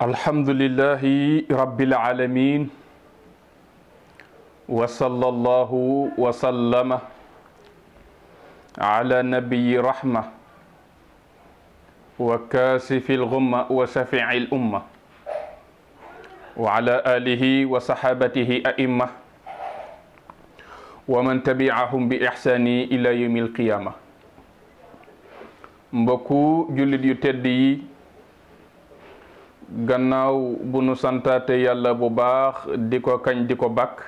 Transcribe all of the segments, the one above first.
alhamdulillahi rabbil alamin wa sallallahu wa sallama ala nabiyi rahma wa kaasifi lgumma wa shafii lumma wa ala alihi wa sahabatihi aimma wa man tabiahum bi ixsaani ila yawmi alqiyama mbokku jullit yu tedd yi gannaaw bu nu santaate yàlla bu baax di ko kañ di ko bàkk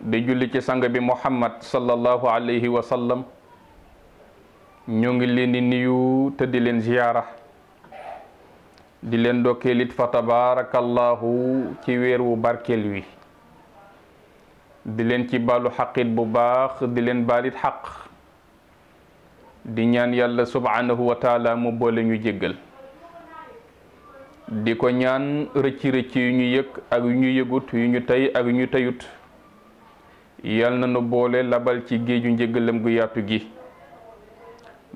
di julli ci sang bi muhammad sallallahu alayhi wa sallam ngi leen di nuyu te di leen ziyaara di leen dokkeel it fa tabaarakallahu ci weer wu barkeel wi di leen ci baalu xaqit bu baax di leen baalit xaq di ñaan yàlla subhanahu wa taala mu boole ñu jéggal di ko ñaan rëcci-rëcci yu ñu yëg ak yu ñu yëgut yu ñu tey ak yu ñu teyut yal na nu boole labal ci géeju njëgalam gu yaatu gi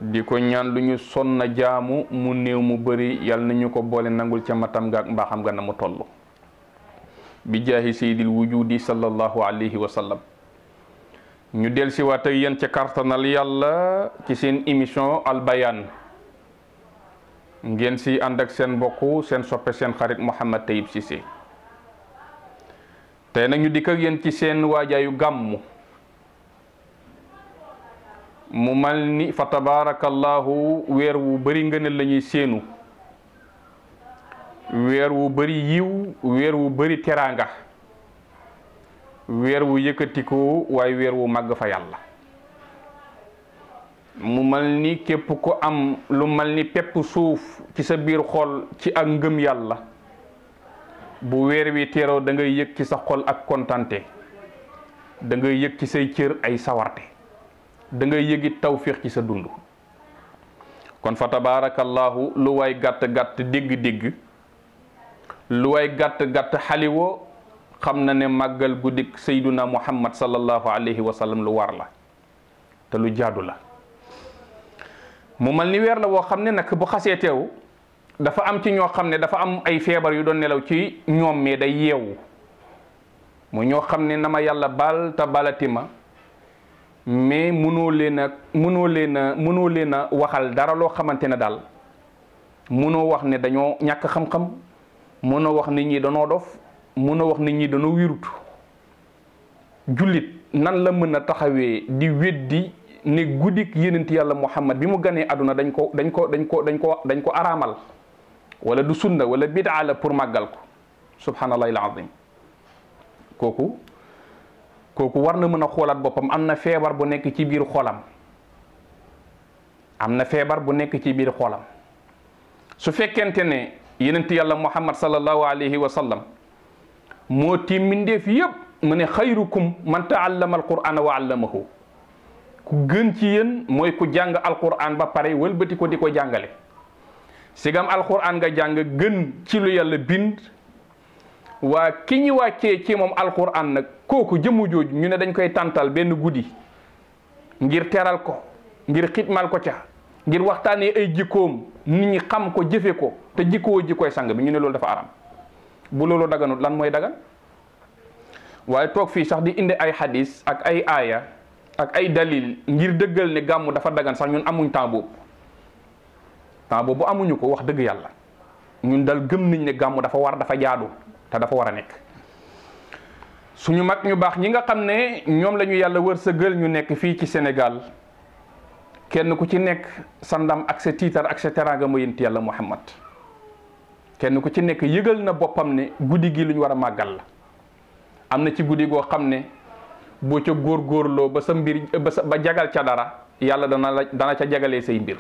di ko ñaan lu ñu sonna jaamu mu néew mu bari yal na ñu ko boole nangul ca matam ga ak mbaaxam ga na mu toll bi jaahi seydil wujudi sallallahu alayhi wa sallam ñu del si waat ak ca kartanal yàlla ci seen émission albayaan ngeen si ànd ak seen mbokk seen soppe seen xarit Mouhamed Tayib Cissé tey nag ñu dikk ak yéen ci seen waajaayu gàmmu mu mel ni fa tabarakallahu weer wu bari ngëneel lañuy ñuy séenu weer wu bëri yiw weer wu bari teraanga weer wu yëkkatiku waaye weer wu màgg fa yàlla mu mel ni képp ku am lu mel ni pepp suuf ci sa biir xol ci ak ngëm yàlla bu weer wi teeroo dangay ngay yëg ci sa xol ak kontante da ngay yëg ci say cër ay sawarte dangay ngay yëgit tawfiix ci sa dund kon fa tabaarakallaahu lu waay gàtt-gàtt dégg-dégg lu waay gàtt-gàtt xaliwoo xam na ne màggal guddik sayduna muhammad sallallahu alayhi wa sallam lu war la te lu jaadu la mu mal ni weer la woo xam ne nag bu xasee teew dafa am ci ñoo xam ne dafa am ay feebar yu doon nelaw ci ñoom mais day yeewu mu ñoo xam ne na ma yàlla baal te ma mais mënoo leen mënoo leen a mënoo leen a waxal dara loo xamante ne daal mënoo wax ne dañoo ñàkk xam-xam mënoo wax nit ñi danoo dof mënoo wax nit ñi danoo wirut jullit nan la mën a taxawee di weddi ne guddik yonent yàlla Muhammad bi mu ganee àdduna dañ ko dañ ko dañ ko dañ ko dañ ko araamal wala du sunna wala bidaa la pour màggal ko subhanallahi alazim kooku kooku war na mën a xoolaat boppam am na feebar bu nekk ci biir xoolam am na feebar bu nekk ci biir xoolam su fekkente ne yonent yàlla Muhammad sallallahu alayhi wa sallam moo tiim fi yëpp mu ne xayrukum man taallama alqur'ana wa allamahu ku gën ci yéen mooy ku jàng alquran ba pare wëlbati ko di ko jàngale sigam alquran nga jàng gën ci lu yàlla bind waa ki ñu wàccee ci moom alquran nag kooku jëmmu jooju ñu ne dañ koy tàntal benn guddi ngir teral ko ngir xitmal ko ca ngir waxtaanee ay jikkoom nit ñu xam ko jëfe ko te jikkoo jikkoy sang bi ñu ne loolu dafa aram bu loolu daganut lan mooy dagan waaye toog fii sax di indi ay xadis ak ay aaya ak ay dalil ngir dëggal ne gàmmu dafa dagan sax ñun amuñ temps boobu temps boobu amuñu ko wax dëgg yàlla ñun dal gëm nañ ne gàmmu dafa war dafa jaado te dafa war a nekk suñu mag ñu baax ñi nga xam ne ñoom la ñu yàlla wërsëgal ñu nekk fii ci Sénégal kenn ku ci nekk sa ndam ak sa tiitar ak sa teraanga ma yént yàlla Muhammad kenn ku ci nekk yëgal na boppam ne guddi gi lu ñu war a màggal la am na ci guddi goo xam ne boo ca góorgóorloo ba sa mbir ba ba jagal ca dara yàlla dana la dana ca jagalee say mbir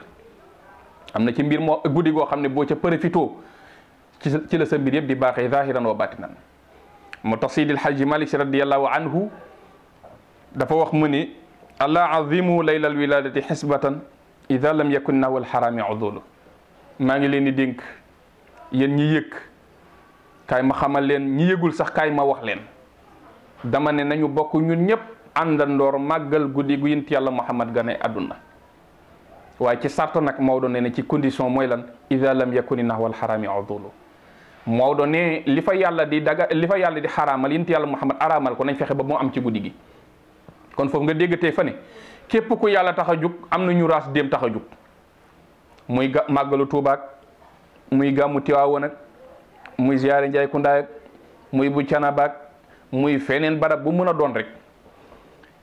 am na ci mbir moo guddi goo xam ne boo ca profitoo ci ci la sa mbir yëpp di baaxee zahiran wa batinan moo tax Seydil Hajji Malik si radiallahu anhu dafa wax mu ni allah azimu layla alwiladati xisbatan ida lam yakun nawal xaraami udulu maa ngi leen di dénk yéen ñi yëg kaay ma xamal leen ñi yëgul sax kaay ma wax leen dama ne nañu bokk ñun ñëpp àndandoor màggal guddi gu yonent yàlla Muhammad gane àdduna waaye ci sarto nag Maodo ne ne ci condition mooy lan ida lam yakuni nahwal xaraami adulu Maodo ne li fa yàlla di daga li fa yàlla di xaraamal yonent yàlla Muhammad araamal ko nañ fexe ba moo am ci guddi gi kon foofu nga dégg tey fa ne yàlla tax a jug am na ñu raas déem tax a jug muy ga màggalu tuubaak muy gàmmu tiwaawoon muy ziyaare njaay muy bu canabaak muy feneen barab bu mën a doon rek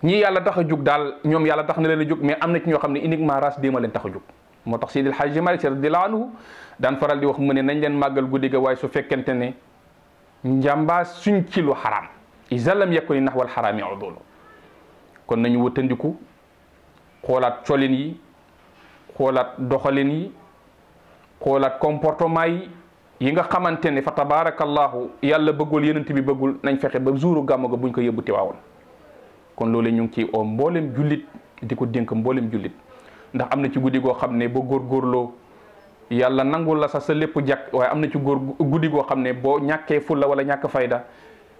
ñii yàlla tax a jug daal ñoom yàlla tax na leen a jóg mais am na ci ñoo xam ne uniquement race déema leen tax a jug moo tax Seydil Hajji Malik radiyallahu laalu daan faral di wax mu ne nañ leen màggal guddi ga waaye su fekkente ne njàmbaa suñ ci lu xaraam iza lam yakuni nahwal xaraami udulu kon nañu wëttandiku xoolaat colin yi xoolaat doxalin yi xoolaat comportement yi yi nga xamante ne fa tabarakallahu yàlla bëggul yenent bi bëggul nañ fexe ba zuuru gàmmu ga buñ ko yëbbu tiwaawoon kon loolu ñu ngi ci oo mboolem jullit di ko dénk mbooleem jullit ndax am na ci guddi goo xam ne boo góorgóorloo yàlla nangul la sa sa lépp jàkk waaye am na ci góor guddi goo xam ne boo ñàkkee fulla wala ñàkk fayda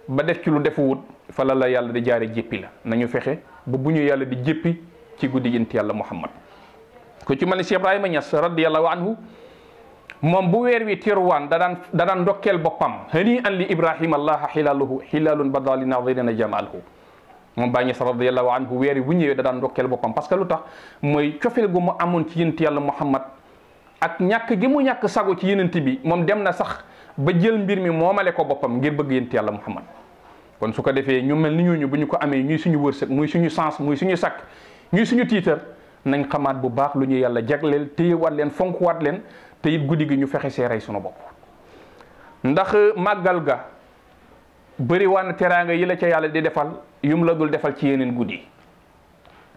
ba def ci lu defuwut fa la la yàlla di jaare jéppi la nañu fexe ba bu ñu yàlla di jéppi ci guddi yent yàlla muhammad ku ci mel ne Cheikh Ibrahima Niass radiyallahu anhu moom bu weer wi tiruwaan da daan da daan boppam hani an li ibrahima allaha xilaaluhu xilaalun badali nadirina jamaaluhu moom bàyyi ñes radiallahu anhu weer wi bu ñëwee dadaan daan ndokkeel boppam parce que lu tax mooy cofeel gu mu amoon ci yénti yàlla muhammad ak ñàkk gi mu ñàkk sagu ci yenent bi moom dem na sax ba jël mbir mi moomale ko boppam ngir bëgg yénti yàlla muhammad kon su ko defee ñu mel ni ñu ñooñu bu ñu ko amee ñuy suñu wërsëg muy suñu sens muy suñu sakk ñuy suñu tiitar nañ xamaat bu baax lu ñu yàlla jagleel téyewaat leen fonkuwaat leen te guddi gi ñu fexe see rey sunu bopp ndax euh, màggal ga bëriwaan teraanga yi la ca yàlla di defal yum la dul defal ci yeneen guddi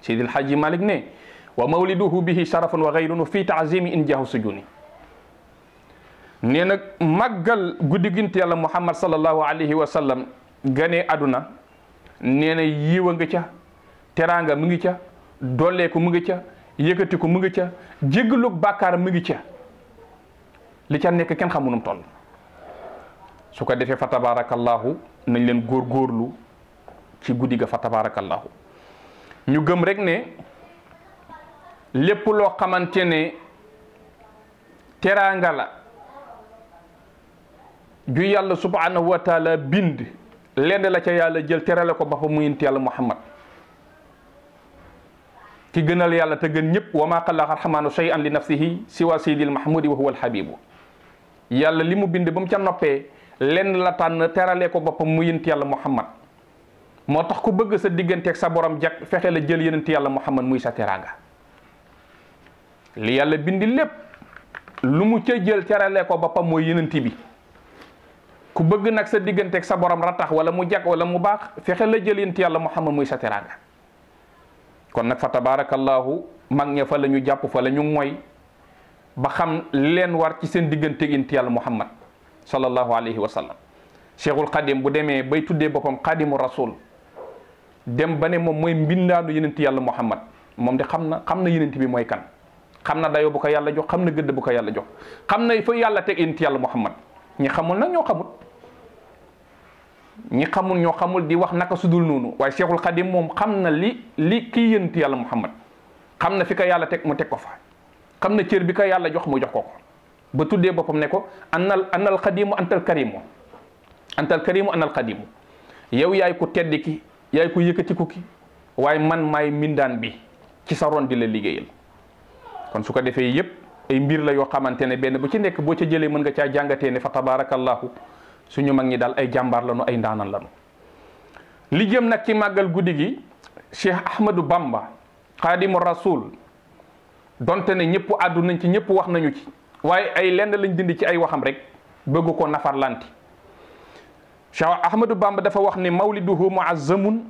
Seydil Hajji Malik ne wa mawliduhu bihi sharafun wa gayrun fi taazimi in jahu sujuni nee nag màggal guddi gint yàlla muhammad sallallahu alayhi wa sallam ganee aduna nee na yiiwa ca teraanga mu ngi ca dooleeku mu ngi ca yëkkatiku mu ngi ca jéggalug bàkkaar mu ngi ca li ca nekk kenn xamunum toll su ko defee fa tabaarakallaahu nañ leen góor góorlu ci guddi ga fa tabaarakallaahu ñu gëm rekk ne lépp loo xamante ne teraangala la ju yàlla subhanahu wa taala bind lenn la ca yàlla jël teraale ko ba fa muyint yàlla muhammad ki gënal yàlla te gën ñëpp wa maa xalaqa arxamaanu shay'an li nafsihi siwa sayyidil mahmudi wa huwa alxabibu yàlla li mu bind ba mu ca noppee lenn la tànn teralee ko boppam mu yënt yàlla muhammad moo tax ku bëgg sa digganteeg sa borom jag fexe la jël yënt yàlla muhammad muy sa teraanga li yàlla bindi lépp lu mu ca jël terale ko boppam mooy yënanti bi ku bëgg nag sa digganteeg sa borom ratax wala mu jag wala mu baax fexe la jël yënt yàlla muhammad muy sa teraanga kon nag fa tabaarakallaahu mag ña fa la ñu jàpp fa la ñu mooy ba xam leen war ci seen diggante ginti yàlla muhammad sallallahu alayhi wa sallam cheikhul xadim bu demee bay tuddee boppam xadimu rasul dem ba ne moom mooy mbindaanu yenent yàlla muhammad moom de xam na xam na yenent bi mooy kan xam na dayoo bu ko yàlla jox xam na gëdd bu ko yàlla jox xam na fa yàlla teg yenent yàlla muhammad ñi xamul nag ñoo xamut ñi xamul ñoo xamul di wax naka sudul noonu waaye Cheikhul Khadim moom xam na li li ki yënt yàlla Muhammad xam na fi ko yàlla teg mu teg ko fa xam na cër bi ka yàlla jox mu jox ko ko ba tuddee boppam ne ko annal annal xadimu antal karimu antal karimu annal xadimu yow yaay ko tedd ki yaay ko yëkkatiku ki waaye man maay mindaan bi ci sa ron di la liggéeyal kon su ko defee yëpp ay mbir la yoo xamante ne benn bu ci nekk boo ca jëlee mën nga caa jàngatee ne fa tabarakallahu suñu mag ñi daal ay jàmbaar lañu ay ndaanaan lañu li jëm nag ci màggal guddi gi Cheikh Ahmadou Bamba xaadimu rasul donte ne ñëpp àddu nañ ci ñëpp wax nañu ci waaye ay lend lañ dindi ci ay waxam rek bëgg ko nafarlanti Cheikh Ahmadou Bamba dafa wax ni mawliduhu muazzamun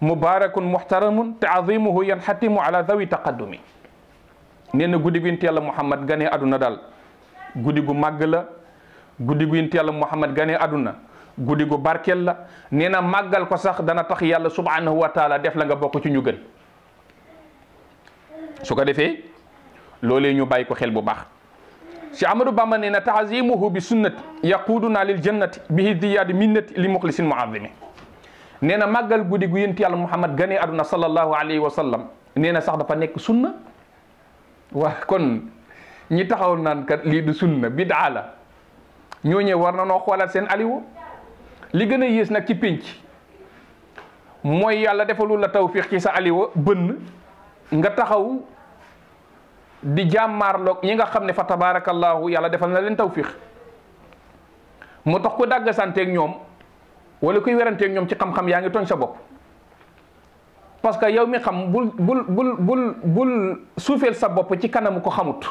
mubarakun muhtaramun taazimuhu yanxatimu ala dawi taqaddumi nee na guddi gu yonent Yàlla Muhammad ganee àdduna daal guddi gu màgg la guddi gu yonent yàlla Muhammad gane àdduna guddi gu barkeel la nee na màggal ko sax dana tax yàlla subhanahu wa taala def la nga bokk ci ñu gën su ko defee loolee ñu bàyyi ko xel bu baax si Amadou Bamba nee na taazimuhu bi sunnati yaquduna lil jannati bihi diyaadi minnati li muxlisin muazimi nee na màggal guddi gu yonent yàlla Muhammad gane àdduna sallallahu alayhi wa sallam nee na sax dafa nekk sunna waa kon ñi taxaw naan kat lii du sunna bidaa la ñooñee war na noo xoolaat seen aliwu li gën a yées nag ci pénc mooy yàlla defalul la tawfiq ci sa aliwa bënn nga taxaw di jàmmaarloog ñi nga xam ne fa tabaarakallaahu yàlla defal na leen tawfiq moo tax ku dàgg santeeg ñoom wala kuy weranteeg ñoom ci xam-xam yaa ngi tooñ sa bopp parce que yow mi xam bul bul bul bul bul suufeel sa bopp ci kanamu ko xamut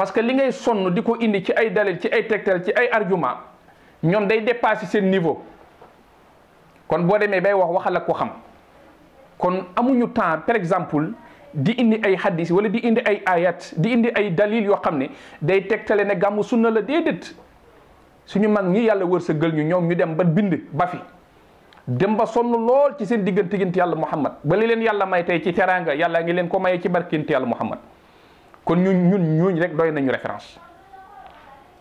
parce que li ngay sonn di ko indi ci ay dalil ci ay tegtal ci ay argument ñoom day dépassé seen niveau kon boo demee bay wax waxal ak ko xam kon amuñu temps par exemple di indi ay hadis wala di indi ay ayat di indi ay dalil yoo xam ne day tegtale ne gàmmu sunna la déedéet suñu mag ñi yàlla war wërsëgal ñu ñoom ñu dem ba bind ba fi dem ba sonn lool ci seen diggante yàlla Muhammad ba li leen yàlla may tey ci teraanga yàlla ngi leen ko maye ci barkinte yàlla Muhammad kon ñun ñun ñooñu rek doy nañu référence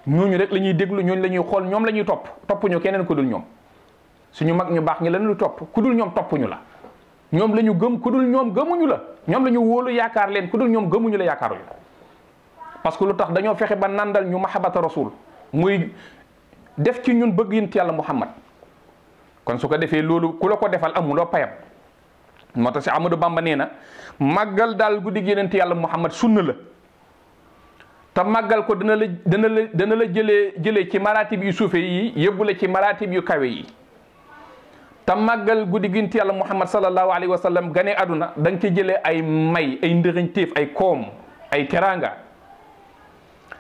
ñooñu rek la ñuy déglu ñooñu la ñuy xool ñoom la ñuy topp toppuñu keneen ku dul ñoom suñu mag ñu baax ñi lan lu topp kudul ñoom toppuñu la ñoom la ñu gëm ku dul ñoom gëmuñu la ñoom la ñu wóolu yaakaar leen ku dul ñoom gëmuñu la yaakaaruñu parce que lu tax dañoo fexe ba nandal ñu mahabata rasul muy def ci ñun bëgg yint yàlla muhammad kon su ko defee loolu ku la ko defal amuloo payam moo si Amadou Bamba nee na màggal daal guddi yonent yàlla Muhammad sunna la ta màggal ko dana la dana la dana la jëlee ci maratib yu suufe yi yóbbu la ci maratib yu kawe yi te màggal guddi yonent yàlla Muhammad sallallahu alayhi wa sallam gane aduna da nga jëlee ay may ay ay koom ay teraanga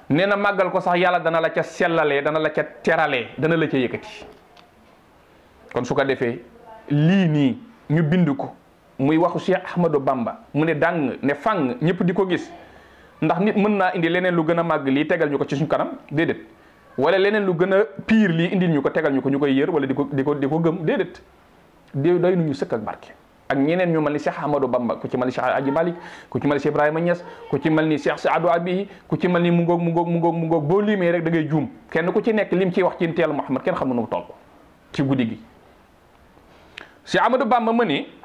nee na màggal ko sax yàlla dana la ca sellalee dana la ca teralee dana la ca yëkkati kon su ko defee lii nii ñu bind ko. muy waxu Cheikh Ahmadou Bamba mu ne dàng ne fàng ñëpp di ko gis ndax nit mën naa indi leneen lu gën a màgg lii tegal ñu ko ci suñ kanam déedéet wala leneen lu gën a pire lii indi ñu ko tegal ñu ko ñu koy yër wala di ko di ko ko gëm déedéet déedéet doy nañu sëkk ak barke. ak ñeneen ñu mel ni Cheikh Ahmadou Bamba ku ci mal ni Cheikh Aji Malick ku mel Ibrahima ku ci mel ni Cheikh Saadou Abiy ku ci mel ni mu ngoog mu ngoog mu boo limee rek da ngay juum kenn ku ci nekk lim ciy wax ci teelu Muhammad kenn xam nu mu toll ci guddi gi Cheikh ma ni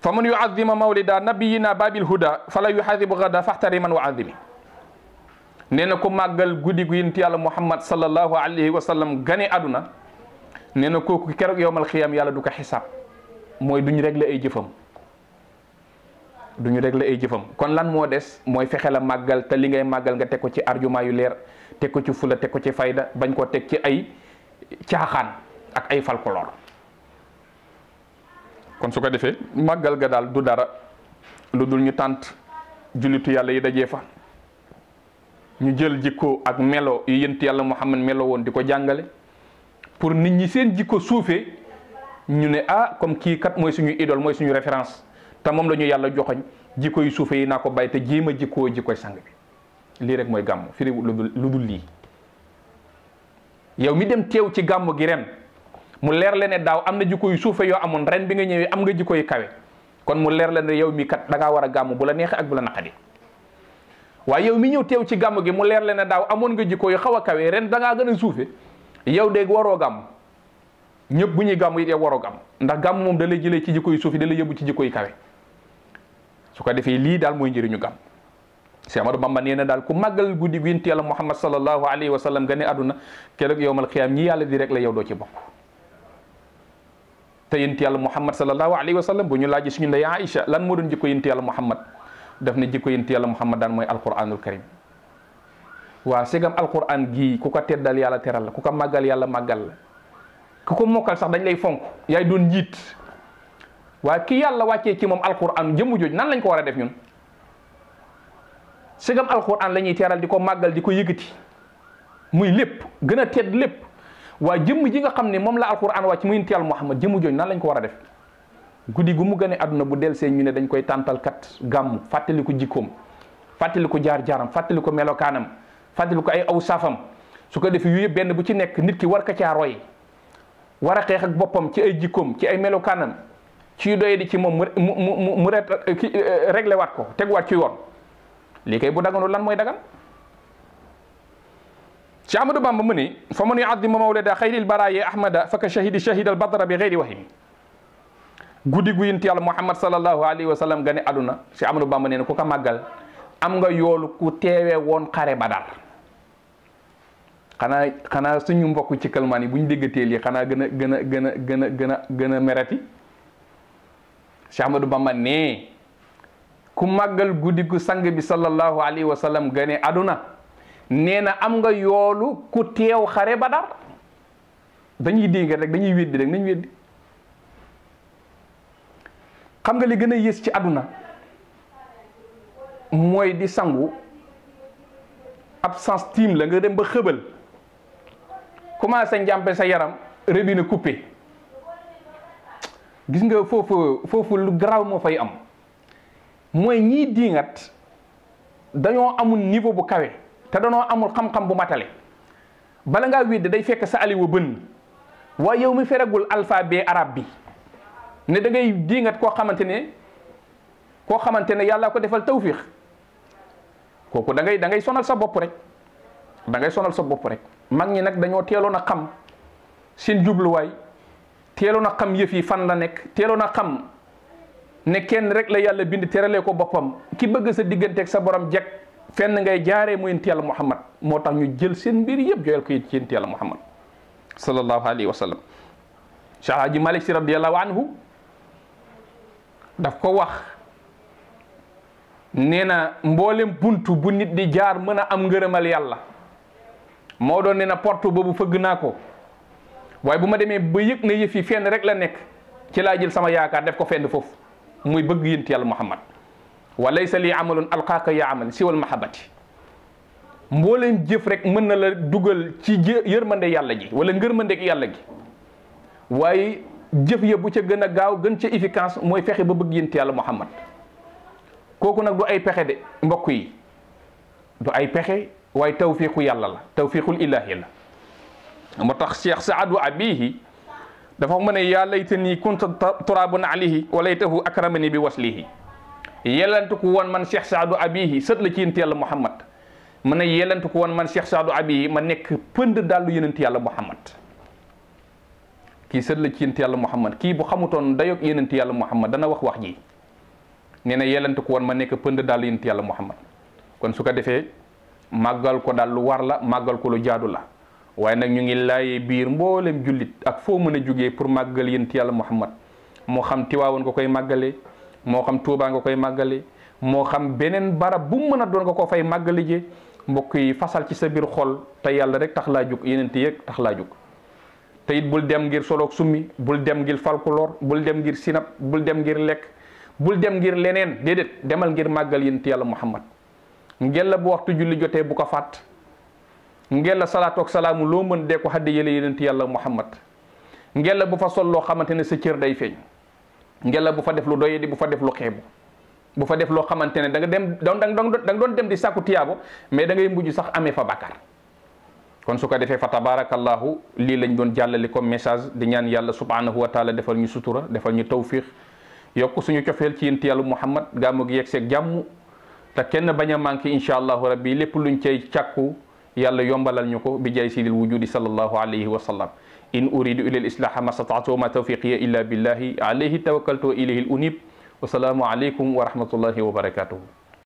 fa mun yuazima mawlida nabiyina babil huda fala yuhasibu gada faxtari man wa azimi nee na ko màggal guddi gu yonent yàlla muhammad sallallahu alayhi wa sallam gane àdduna nee na kooku keroog yowmal xiyaam yàlla du ko xisaab mooy duñu réglé ay jëfam duñu réglé ay jëfam kon lan moo des mooy fexeel a màggal te li ngay màggal nga teg ko ci arjuma yu leer teg ko ci fula teg ko ci fayda bañ koo teg ci ay caaxaan ak ay folklore kon su ko defee màggal ga daal du dara lu dul ñu tànt jullitu yàlla yi dajee fa ñu jël jikko ak melo yu yent yàlla Muhammad melo woon di ko jàngale pour nit ñi seen jikko suufee ñu ne ah comme kii kat mooy suñu idole mooy suñu référence te moom la ñu yàlla joxoñ jikko yu suufee yi naa ko bay te jéem a jikkoo jikkoy sang bi lii rek mooy gàmm firiwul lu dul lii yow mi dem teew ci gàmm gi ren mu leer la ne daaw am na jikko yu suufe yoo amoon ren bi nga ñëwee am nga jikko yu kawe kon mu leer la ne yow mi kat da war a gàmm bu la neexee ak bu la naqadi waaye yow mi ñëw teew ci gàmm gi mu leer la ne daaw amoon nga jikko yu xaw a kawe ren da ngaa gën a suufe yow de waroo gàmm ñëpp bu ñu gàmm yi de waroo gàmm ndax gàmm moom da lay jëlee ci jikko yu suufe da lay yóbbu ci jikko yu kawe su ko defee lii daal mooy njëriñu gàmm Seex Ahmadu Bamba nee na daal ku màggal guddi gi yonent Yàlla Muhammad sallallahu alayhi wa sallam gane àdduna keroog yowmal xiyaam ñi yàlla di la yow doo ci bokk te yonent yàlla Muhammad sallallahu alayhi wa sallam bu ñu laajee suñu ndey Aïcha lan moo doon jikko yonent yàlla Muhammad daf ne jikko yonent yàlla Muhammad daan mooy alquranul karim waaw segam alquran gii ku ko teddal yàlla teral la ko màggal yàlla màggal la ku ko mokkal sax dañ lay fonk yaay doon njiit waaye ki yàlla wàccee ci moom alquran jëmmu jooj nan lañ ko war a def ñun segam alquran la ñuy teral di ko màggal di ko yëgati muy lépp gën a tedd lépp waaye jëmm ji nga xam ne moom la alquran wàcc mu yonent yàlla Muhammad jëmm jooju nan lañ ko war a def guddi gu mu gënee àdduna bu delsee ñu ne dañ koy tàntal kat gàmm fàttali ko jikkoom fàttali ko jaar-jaaram fàttali ko melokaanam fàttali ko ay aw saafam su ko defee yu benn bu ci nekk nit ki war ko caa roy war a xeex ak boppam ci ay jikkoom ci ay melokaanam ci doye di ci moom mu mu mu mu euh, réglé waat ko tegwaat ci yoon lii kay bu daganul lan mooy dagan Cheikh Ahmadou Bamba mu ni fa man yuaddimu mawlida xayril baraaye ahmada faka shahidi shahidal badra bi xayri wahim guddi gu yonent yàlla Muhammad sallallahu alayhi wa sallam gane aduna Cheikh Ahmadou Bamba nee na ku ko màggal am nga yoolu ku teewee woon xare Badar xanaa xanaa suñu mbokk ci kalmaan yi bu ñu déggatee lii xanaa gën a gën a gën a gën a gën a gën a merati Cheikh Ahmadou Bamba nee ku màggal guddi gu sang bi sallallahu alayhi wa sallam gane aduna nee na am nga yoolu ku teew xare badar dañuy dinga rek dañuy weddi rek nañ weddi xam nga li gën a yées ci àdduna mooy di sangu absence tiim la nga dem ba xëbal commencé njàmpe sa yaram robinet coupé gis nga foofu foofu lu garaaw moo fay am mooy ñii diingat dañoo amul niveau bu kawe te danoo amul xam-xam bu matale bala ngaa widd day fekk sa aliwu bënn waaye yow mi feregul alphabet arab bi ne dangay ngay diingat koo xamante ne koo xamante ne yàlla ko defal tawfiix kooku dangay dangay sonal sa bopp rek da ngay sa bopp rek mag ñi nag dañoo teeloon a xam si jubluwaay teeloon a xam yëf fan la nekk teeloon a xam ne kenn rek la yàlla bind teralee ko boppam ki bëgg sa digganteeg sa borom jekk fenn ngay jaaree mu yonent yàlla Muhammad moo tax ñu jël seen mbir yëpp jooyal ko ci yonent yàlla Muhammad sallallahu alayhi wa sallam Cheikh Hadji Malick Sy radiyallahu anhu daf ko wax nee na mboolem buntu bu nit di jaar mën a am ngërëmal yàlla moo doon nee na porte boobu fëgg naa ko waaye bu ma demee ba yëg na yëf yi fenn rek la nekk ci laa jël sama yaakaar def ko fenn foofu muy bëgg yonent yàlla Muhammad wa laysa li amalun alqaaka yaa amal siwal mahabati mbooleem jëf rek mën na la dugal ci yërmande yàlla ji wala ngërmandeeg yàlla gi waaye jëf ya bu ca gën a gaaw gën ca efficace mooy fexe ba bëgg yént yàlla muhammad kooku nag du ay pexe de mbokk yi du ay pexe waaye tawfiqu yàlla la tawfiqul ilahi la moo tax cheikh saadu abihi dafa mu ne yaa laytani kunta turaaban alayhi wa laytahu akramani bi waslihi yelantu ko woon man Cheikh Saadu Abihi sët la ci yonent yàlla Muhammad mu ne yelantu ko woon man Cheikh Saadu Abihi ma nekk pënd dàllu yenenti yàlla Muhammad kii sët la ci yonent yàlla Muhammad kii bu xamutoon dayoog yonent yàlla Muhammad dana wax wax ji nee na yelantu ko woon ma nekk pënd dàllu yonent yàlla Muhammad kon su ko defee màggal ko daal lu war la màggal ko lu jaadu la waaye nag ñu ngi biir mboolem jullit ak foo mën a jógee pour màggal yonent yàlla Muhammad moo xam Tiwaawoon ko koy màggalee moo xam tuubaa nga koy màggali moo xam beneen barab bu mu mën a doon nga ko fay màggali ji mbokk yi fasal ci sa biir xol te yàlla rek tax laa jug yeneen ti yëg tax laa jóg te bul dem ngir soloog summi bul dem ngir falkuloor bul dem ngir sinap bul dem ngir lekk bul dem ngir leneen déedéet demal ngir màggal yeneen ti yàlla Muhammad ngel la bu waxtu julli jotee bu ko fàtt ngel la salaatu ak loo mën dee ko xaddi yàlla Muhammad ngel la bu fa sol loo xamante ne sa cër day feeñ. ngela bu fa def lu doyee di bu fa def lu xeebu bu fa def loo xamante ne da nga dem da nga doon dem di sàkku tiyaabo mais da ngay mujj sax amee fa bàkkaar kon su ko defee fa tabarakallahu lii lañ doon jàllale comme message di ñaan yàlla subhanahu wa taala defal ñu sutura defal ñu tawfiq yokk suñu cofeel ci yént yàlla muhammad gàmmu gi yegg jàmm te kenn bañ a manqué incha allahu rabbi lépp luñ cay càkku yàlla yombalal ñu ko bi jaay di wujudi sallallahu alayhi wa sallam in uridu ila al-islaha ma stata'tu wa ma tawfiqiya illa billahi alayhi tawakkaltu wa ilayhi al-unib wa salaamu alaykum wa rahmatullahi wa barakatuhu